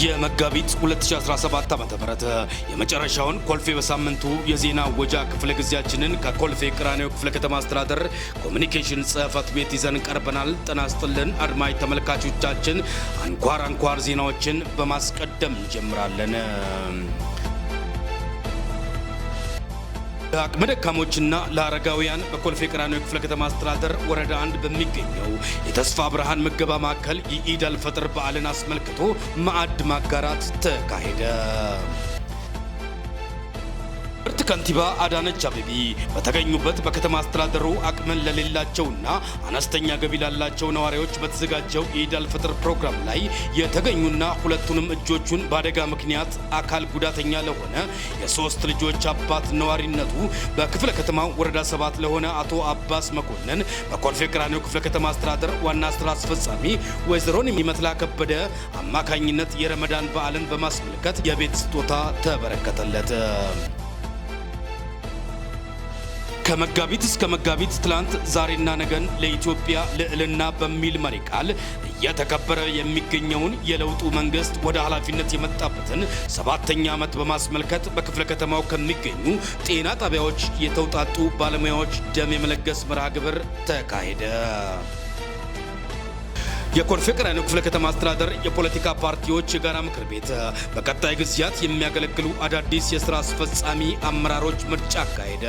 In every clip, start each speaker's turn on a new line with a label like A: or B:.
A: የመጋቢት 2017 ዓ.ም የመጨረሻውን ኮልፌ በሳምንቱ የዜና ወጃ ክፍለ ጊዜያችንን ከኮልፌ ቅራኔው ክፍለ ከተማ አስተዳደር ኮሚኒኬሽን ጽህፈት ቤት ይዘን ቀርበናል። ጤና ይስጥልን አድማጭ ተመልካቾቻችን፣ አንኳር አንኳር ዜናዎችን በማስቀደም እንጀምራለን። ለአቅመ ደካሞችና ለአረጋውያን በኮልፌ ቀራኒዮ ክፍለ ከተማ አስተዳደር ወረዳ አንድ በሚገኘው የተስፋ ብርሃን ምገባ ማዕከል የኢድ አልፈጥር በዓልን አስመልክቶ ማዕድ ማጋራት ተካሄደ። ከንቲባ አዳነች አቤቢ በተገኙበት በከተማ አስተዳደሩ አቅመን ለሌላቸውና አነስተኛ ገቢ ላላቸው ነዋሪዎች በተዘጋጀው ኢድ አልፈጥር ፕሮግራም ላይ የተገኙና ሁለቱንም እጆቹን በአደጋ ምክንያት አካል ጉዳተኛ ለሆነ የሶስት ልጆች አባት ነዋሪነቱ በክፍለ ከተማ ወረዳ ሰባት ለሆነ አቶ አባስ መኮንን በኮልፌ ቀራኒዮ ክፍለ ከተማ አስተዳደር ዋና ስራ አስፈጻሚ ወይዘሮን የሚመትላ ከበደ አማካኝነት የረመዳን በዓልን በማስመልከት የቤት ስጦታ ተበረከተለት። ከመጋቢት እስከ መጋቢት ትላንት ዛሬና ነገን ለኢትዮጵያ ልዕልና በሚል መሪ ቃል እየተከበረ የሚገኘውን የለውጡ መንግስት ወደ ኃላፊነት የመጣበትን ሰባተኛ ዓመት በማስመልከት በክፍለ ከተማው ከሚገኙ ጤና ጣቢያዎች የተውጣጡ ባለሙያዎች ደም የመለገስ መርሃ ግብር ተካሄደ። የኮርፌ ቀራኒዮ ክፍለ ከተማ አስተዳደር የፖለቲካ ፓርቲዎች የጋራ ምክር ቤት በቀጣይ ጊዜያት የሚያገለግሉ አዳዲስ የስራ አስፈጻሚ አመራሮች ምርጫ አካሄደ።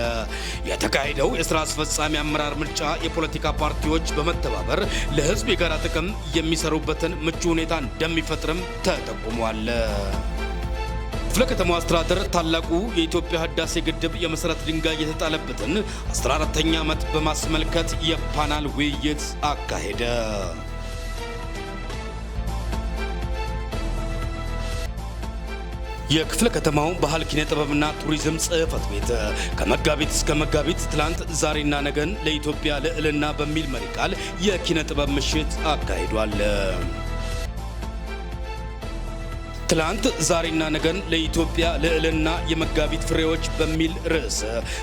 A: የተካሄደው የስራ አስፈጻሚ አመራር ምርጫ የፖለቲካ ፓርቲዎች በመተባበር ለህዝብ የጋራ ጥቅም የሚሰሩበትን ምቹ ሁኔታ እንደሚፈጥርም ተጠቁሟል። ክፍለ ከተማ አስተዳደር ታላቁ የኢትዮጵያ ህዳሴ ግድብ የመሰረት ድንጋይ የተጣለበትን 14ተኛ ዓመት በማስመልከት የፓናል ውይይት አካሄደ። የክፍለ ከተማው ባህል ኪነ ጥበብና ቱሪዝም ጽህፈት ቤት ከመጋቢት እስከ መጋቢት ትላንት ዛሬና ነገን ለኢትዮጵያ ልዕልና በሚል መሪ ቃል የኪነ ጥበብ ምሽት አካሂዷል። ትላንት ዛሬና ነገን ለኢትዮጵያ ልዕልና የመጋቢት ፍሬዎች በሚል ርዕስ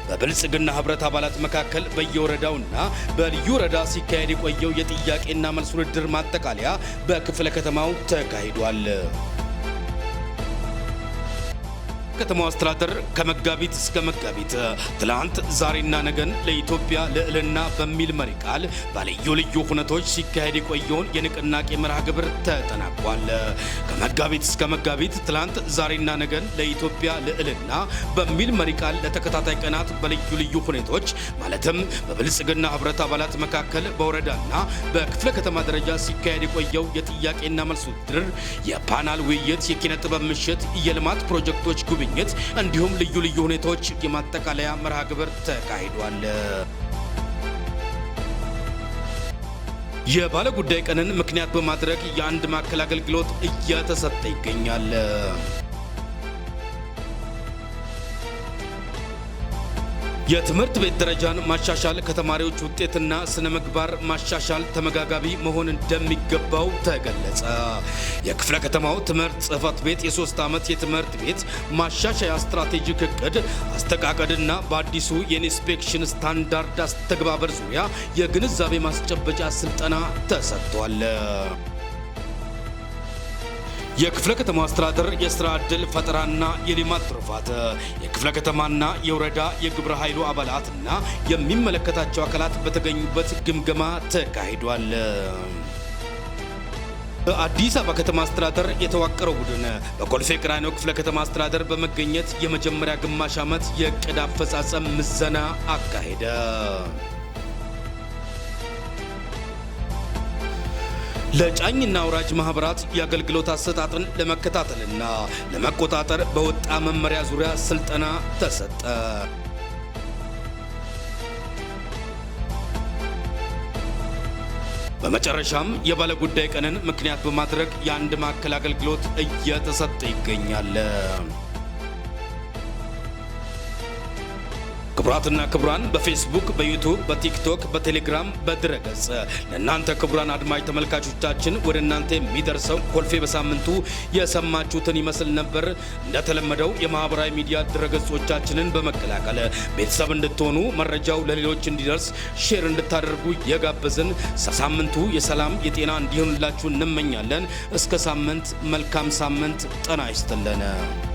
A: በብልጽግና ህብረት አባላት መካከል በየወረዳውና በልዩ ወረዳ ሲካሄድ የቆየው የጥያቄና መልስ ውድድር ማጠቃለያ በክፍለ ከተማው ተካሂዷል። ከተማ አስተዳደር ከመጋቢት እስከ መጋቢት ትላንት ዛሬና ነገን ለኢትዮጵያ ልዕልና በሚል መሪ ቃል በልዩ ልዩ ሁነቶች ሲካሄድ የቆየውን የንቅናቄ መርሃ ግብር ተጠናቋል። ከመጋቢት እስከ መጋቢት ትላንት ዛሬና ነገን ለኢትዮጵያ ልዕልና በሚል መሪ ቃል ለተከታታይ ቀናት በልዩ ልዩ ሁኔቶች ማለትም በብልጽግና ህብረት አባላት መካከል በወረዳና በክፍለ ከተማ ደረጃ ሲካሄድ የቆየው የጥያቄና መልስ ውድድር፣ የፓናል ውይይት፣ የኪነ ጥበብ ምሽት፣ የልማት ፕሮጀክቶች ጉብኝት ለመሸኘት እንዲሁም ልዩ ልዩ ሁኔታዎች የማጠቃለያ መርሃ ግብር ተካሂዷል። የባለ ጉዳይ ቀንን ምክንያት በማድረግ የአንድ ማዕከል አገልግሎት እየተሰጠ ይገኛል። የትምህርት ቤት ደረጃን ማሻሻል ከተማሪዎች ውጤትና ስነ ምግባር ማሻሻል ተመጋጋቢ መሆን እንደሚገባው ተገለጸ። የክፍለ ከተማው ትምህርት ጽህፈት ቤት የሶስት ዓመት የትምህርት ቤት ማሻሻያ ስትራቴጂክ እቅድ አስተቃቀድና በአዲሱ የኢንስፔክሽን ስታንዳርድ አስተግባበር ዙሪያ የግንዛቤ ማስጨበጫ ስልጠና ተሰጥቷል። የክፍለ ከተማ አስተዳደር የስራ ዕድል ፈጠራና የልማት ትሩፋት የክፍለ ከተማና የወረዳ የግብረ ኃይሉ አባላትና የሚመለከታቸው አካላት በተገኙበት ግምገማ ተካሂዷል። በአዲስ አበባ ከተማ አስተዳደር የተዋቀረው ቡድን በኮልፌ ቀራኒዮ ክፍለ ከተማ አስተዳደር በመገኘት የመጀመሪያ ግማሽ ዓመት የዕቅድ አፈጻጸም ምዘና አካሄደ። ለጫኝና አውራጅ ማህበራት የአገልግሎት አሰጣጥን ለመከታተልና ለመቆጣጠር በወጣ መመሪያ ዙሪያ ስልጠና ተሰጠ። በመጨረሻም የባለ ጉዳይ ቀንን ምክንያት በማድረግ የአንድ ማዕከል አገልግሎት እየተሰጠ ይገኛል። ክቡራትና ክቡራን በፌስቡክ፣ በዩቱብ፣ በቲክቶክ፣ በቴሌግራም፣ በድረገጽ ለእናንተ ክቡራን አድማጭ ተመልካቾቻችን ወደ እናንተ የሚደርሰው ኮልፌ በሳምንቱ የሰማችሁትን ይመስል ነበር። እንደተለመደው የማህበራዊ ሚዲያ ድረገጾቻችንን በመቀላቀል ቤተሰብ እንድትሆኑ መረጃው ለሌሎች እንዲደርስ ሼር እንድታደርጉ የጋበዝን ሳምንቱ የሰላም የጤና እንዲሆንላችሁ እንመኛለን። እስከ ሳምንት መልካም ሳምንት። ጤና ይስጥልን።